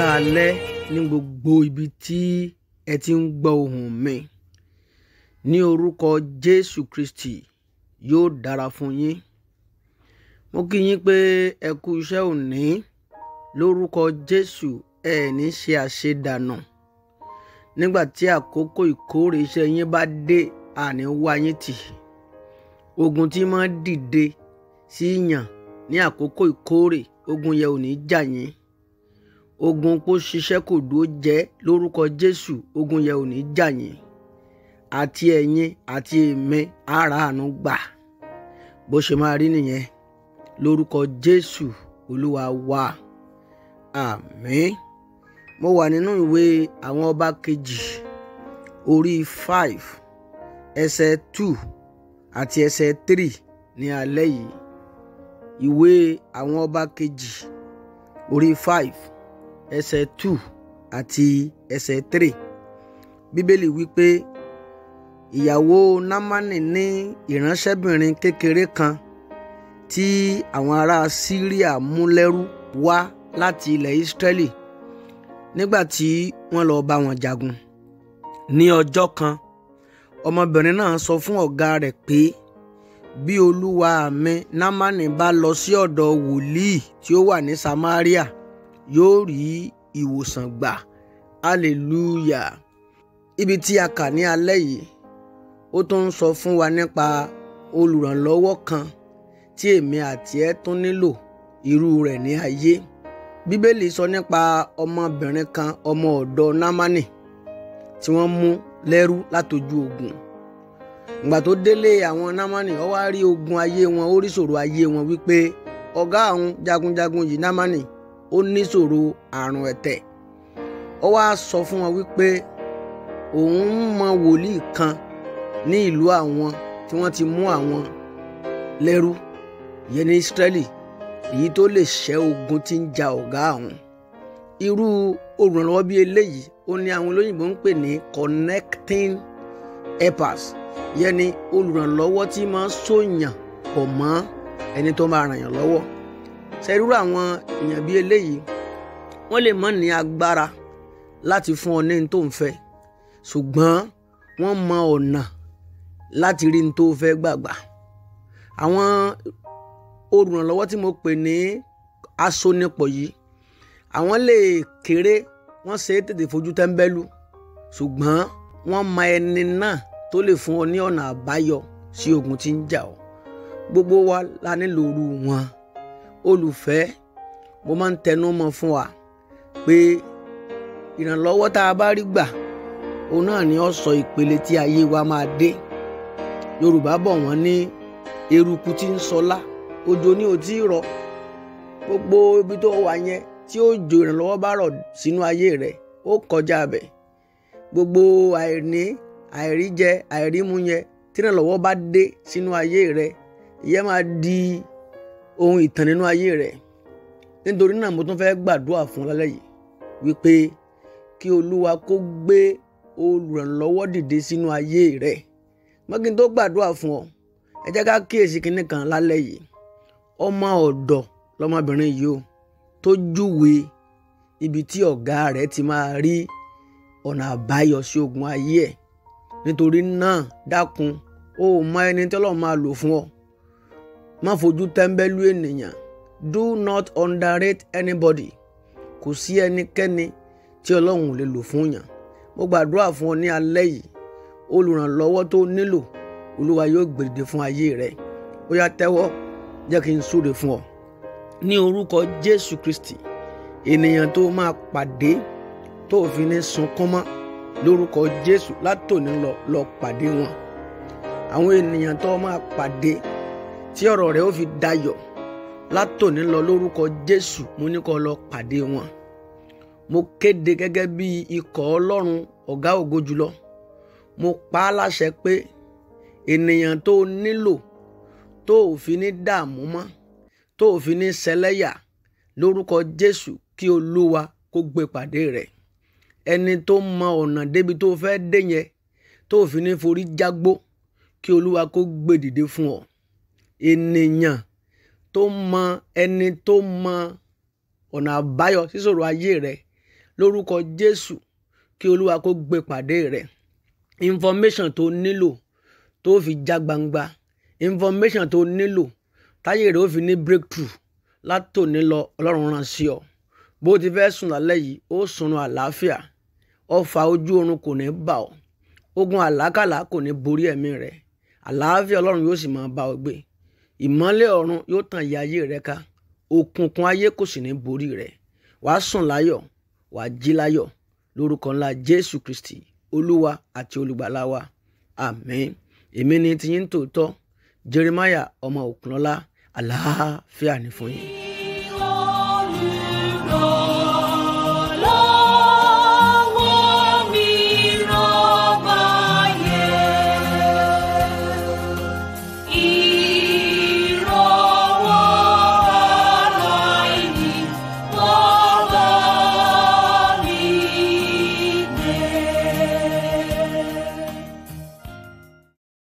káalẹ́ ní gbogbo ibi tí ẹ ti ń gbọ́ ohùn mi ní orúkọ Jésù Kristi yóò dára fún yín mo kí yín pé ẹ kú iṣẹ́ òní lórúkọ Jésù ẹ ní ṣe àṣedànù nígbà tí àkókò ìkórè iṣẹ́ yín bá dé àní wá tì ogun tí máa dìde sí yàn ní àkókò ìkórè ogun yẹn ò ní jà yín ogun kó ṣiṣẹ́ kò dúró jẹ́ lórúkọ jésù ogun yẹn ò ní jà yín àti ẹ̀yin àti èmi ara àánú gbà bó ṣe máa rí nìyẹn lórúkọ jésù olúwa wa àmín mo wà nínú ìwé àwọn ọba kejì orí five ẹsẹ̀ two àti ẹsẹ̀ three ní alẹ́ yìí ìwé àwọn ọba kejì orí five ẹsẹ̀ two àti ẹsẹ̀ three bíbélì wípé ìyàwó námánì ní ìránṣẹ́bìnrin kékeré kan tí àwọn ará síríà mú lẹ́rú wá láti ilẹ̀ ìsírẹ́lì nígbà tí wọ́n lọ bá wọn jagun ní ọjọ́ kan ọmọbìnrin náà sọ fún ọ̀gá rẹ̀ pé bí olúwa mi námánì bá lọ sí ọ̀dọ̀ wòlíì tí ó wà ní samaria yóò rí ìwòsàn gbà hallelujah ibi tí a kà ní alẹ́ yìí ó tún ń sọ fún wa nípa olùrànlọ́wọ́ kan tí èmi àti ẹ tún nílò irú rẹ̀ ní ayé bíbélì sọ nípa ọmọbìnrin kan ọmọ ọ̀dọ̀ námánì tí wọ́n mú lẹ́rú látojú ogun ìgbà tó délé àwọn námánì ó wá rí ogun ayé wọn ó ayé wọn wípé ọ̀gá àwọn jagunjagun yìí námánì ó níṣòro àrùn ẹ̀tẹ̀ ó wáá sọ fún wọn wípé òun ń mọ wòlíì kan ní ìlú àwọn tí wọ́n ti mú àwọn lẹ́rú yẹn ní Ísírẹ́lì èyí tó lè ṣẹ́ ogun tí ń ja ọ̀gá àwọn irú olùrànlọ́wọ́ bíi eléyìí ó ní àwọn olóyìnbó ń pè ní connecting helpers yẹn ni olùrànlọ́wọ́ tí máa ń sòyàn pọ̀ mọ́ ẹni tó máa ràn yàn lọ́wọ́ ṣerú àwọn èèyàn bíi eléyìí wọ́n lè mọ̀ ní agbára láti fún ọ ní n tó ń fẹ́ ṣùgbọ́n wọ́n mọ ọ̀nà láti rí n tó fẹ́ gbàgbà àwọn olùrànlọ́wọ́ tí mo pè ní asonipọ̀ yìí àwọn lè kéré wọ́n ṣe é tètè fojú tẹ́ńbẹ́lú ṣùgbọ́n wọ́n mọ ẹni náà tó lè fún ọ ní ọ̀nà àbáyọ sí ogun tí ń jà ọ́ gbogbo wa la nílò irú wọn. olùfẹ́ mo máa ń tẹnu mọ́ fún wa pé ìrànlọ́wọ́ tá a bá rí gbà òun náà ni ó sọ ìpele tí ayé wa máa dé yorùbá bọ̀ wọ́n ní eruku tí ń sọlá òjò ni ò tí ì rọ gbogbo ibi tó wà yẹn tí òjò ìrànlọ́wọ́ bá rọ̀ sínú ayé rẹ̀ ó kọjá bẹ̀ gbogbo àìní àìríjẹ yẹn tí ìrànlọ́wọ́ bá dé sínú ayé rẹ̀ ìyẹn máa di ohun ìtàn nínú ayé rẹ nítorí náà mo tún fẹ́ gbàdúrà fún lálẹ́ yìí wípé kí olúwa kó gbé olùrànlọ́wọ́ dìde sínú ayé rẹ mọ́kín tó gbàdúrà fún ọ ẹ jẹ́ ká kíyèsí kinní kan lálẹ́ yìí ọmọ ọ̀dọ̀ lọmọbìnrin yìí o tó júwe ibi tí ọ̀gá rẹ̀ ti máa rí ọ̀nà àbáyọ sí ogun ayé ẹ̀ nítorí náà dákun o ò mọ ẹni tí ọlọ́run máa lò fún ọ má fojú tẹ́ńbẹ́lú ènìyàn do not underrate anybody kò sí ẹnikẹ́ni tí ọlọ́run ò lè lò fún yàn mo gbàdúrà fún ọ ní alẹ́ yìí olùrànlọ́wọ́ tó nílò olúwa yóò gbèrèdè fún ayé rẹ ó yá tẹ́wọ́ jẹ́ kí n súre fún ọ ní orúkọ jésù kristi ènìyàn tó máa pàdé tó fi ní sunkún mọ́ lórúkọ jésù látòní lọ lọ pàdé wọn àwọn ènìyàn tó máa pàdé tí ọ̀rọ̀ rẹ̀ ó fi dayọ̀ látòní lọ lórúkọ Jésù mo ní kó lọ pàdé wọn mo kéde gẹ́gẹ́ bí ikọ̀ Ọlọ́run ọ̀gá ògo jùlọ mo pa á láṣẹ pé ènìyàn tó nílò tó ò fi ní dààmú mọ́ tó ò fi ní ṣẹlẹ́yà lórúkọ Jésù kí Olúwa kó gbé pàdé rẹ̀ ẹni tó mọ ọ̀nà débi tó fẹ́ dé yẹn tó ò fi ní forí jágbó kí Olúwa kó gbé dìde fún ọ ènìyàn tó mọ ẹni tó mọ ọ̀nà àbáyọ síṣòro ayé rẹ lórúkọ Jésù kí Olúwa kó gbé pàdé rẹ information tó nílò tó fi já gbangba information tó nílò táyé rẹ ó fi ní breakthrough látòní lọ Ọlọ́run rán sí ọ bó ti fẹ́ sùn lálẹ́ yìí ó sùnrùn àlàáfíà ọfà ojú oorun kò ní bà ọ́ ogun àlákàlà kò ní borí ẹ̀mí rẹ̀ àlàáfíà Ọlọ́run yóò sì máa bá ọ gbé ìmọ́lẹ̀ ọ̀run yóò tàn ya ayé rẹ ká òkùnkùn ayé kò sì ní borí rẹ wàá sùn láyọ̀ wàá jí láyọ̀ lórúkọ ńlá jésù kristi olúwa àti olùgbàlà wa àmín èmi ni tiyín tòótọ́ jeremiah ọmọ òkúnlọ́lá àlàáfíà ní fún yín.